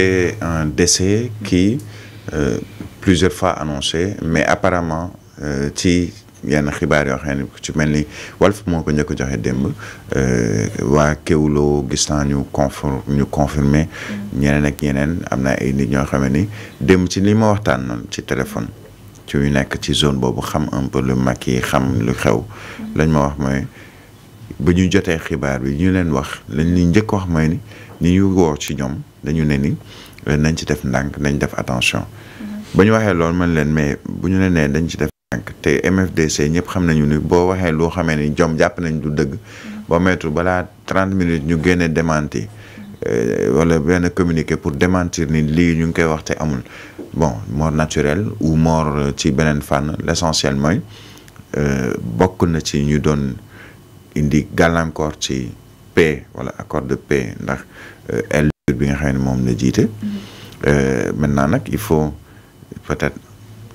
après un décès qui euh, plusieurs fois annoncé mais apparemment euh, ci yenn xibaar yoo xam ne ci mel ni Walf moo ko njëkk joxe démb euh, waa Kewloo gis naa ñu confirme ñu confirmé ñeneen ak yeneen am na ay nit ñoo xam ni démb ci li ma waxtaan noonu ci téléphone ci ñu nekk ci zone boobu xam un peu lu mag yi xam lu xew lañ ma wax mooy ba ñu jotee xibaar bi ñu leen wax lañ li njëkk wax mooy ni ni ñu woo ci ñoom dañu ne ni eh, nañ ci def ndànk nañ def attention mm-hmm. ba ñu waxee lool man leen mais bu ñu leen nee dañ ci def ndànk te MFDC ñëpp xam nañu ni boo waxee loo xamee ni jom jàpp nañ du dëgg mm-hmm. ba mettre balaa trent minutes ñu génne démenti eh, wala benn communiqué pour démentir ni lii ñu ngi koy wax te amul bon mort naturel ou mort ci beneen fànn l' essentiel mooy eh, bokk na ci ñu doon indi gàllankoor ci paix wala accord de paix ndax aile euh, bi nga xam ne moom la jiite. Mm-hmm. Euh, maintenant nag il faut peut-être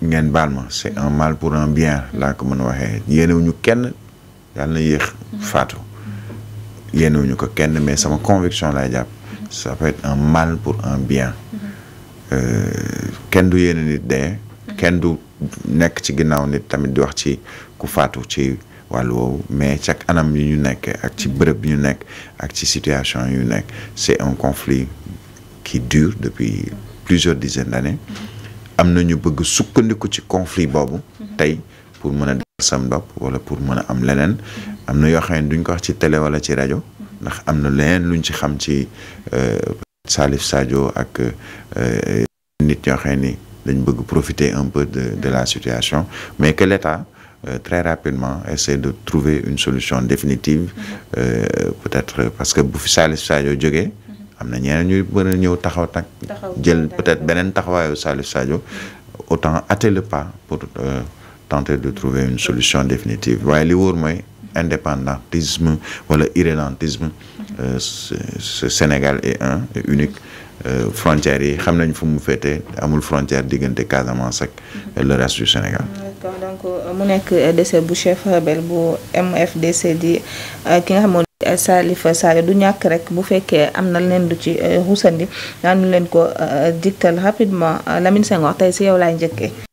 ngeen baal ma c'est un mal pour un bien laa ko mën a waxee yéenewuñu kenn yàlla na yéex mm-hmm. faatu yéenewuñu ko kenn mais sama conviction laay jàpp mm-hmm. ça peut être mal pour un bien euh, kenn du yéene nit dee kenn du nekk ci ginnaaw nit tamit di wax ci ku faatu ci. wàll woowu mais ci ak anam yu ñu nekkee ak ci bërëb yu ñu nekk ak ci situation yu nekk c'est un conflit qui dure depuis plusieurs dizaines d'années am na ñu bëgg sukkandiku ci conflit boobu tey pour mën a def sam bopp wala pour mën a am leneen am na yoo xam ne duñ ko wax ci télé wala ci rajo ndax am na leneen luñ ci xam ci euh, Salif Sadio ak euh, nit ñoo xam ni dañ bëgg profiter un peu de la situation mais que l'État euh, très rapidement essayer de trouver une solution définitive mm-hmm. euh, peut-être parce que bu fi Salif Sadio jógee mm-hmm. am na ñeneen ñuy mën ñëw taxaw nag jël peut-être beneen taxawaayu Salif Sadio mm-hmm. autant hâter le pas pour euh, tenter de trouver une solution définitive waaye li wóor mooy indépendantisme wala irrédentisme euh, ce Sénégal est un unique Euh, frontières yi xam nañ fu mu féete amul frontière diggante Casamance ak le reste du Sénégal. donc euh, mu nekk décès bu chef rebelle bu MFDC di euh, ki nga xamoon Salif Sadio du ñàkk rek bu fekkee am na leen du ci ruusandi daanu leen ko diktal rapidement Lamine Senghor tey si yow lay njëkkee.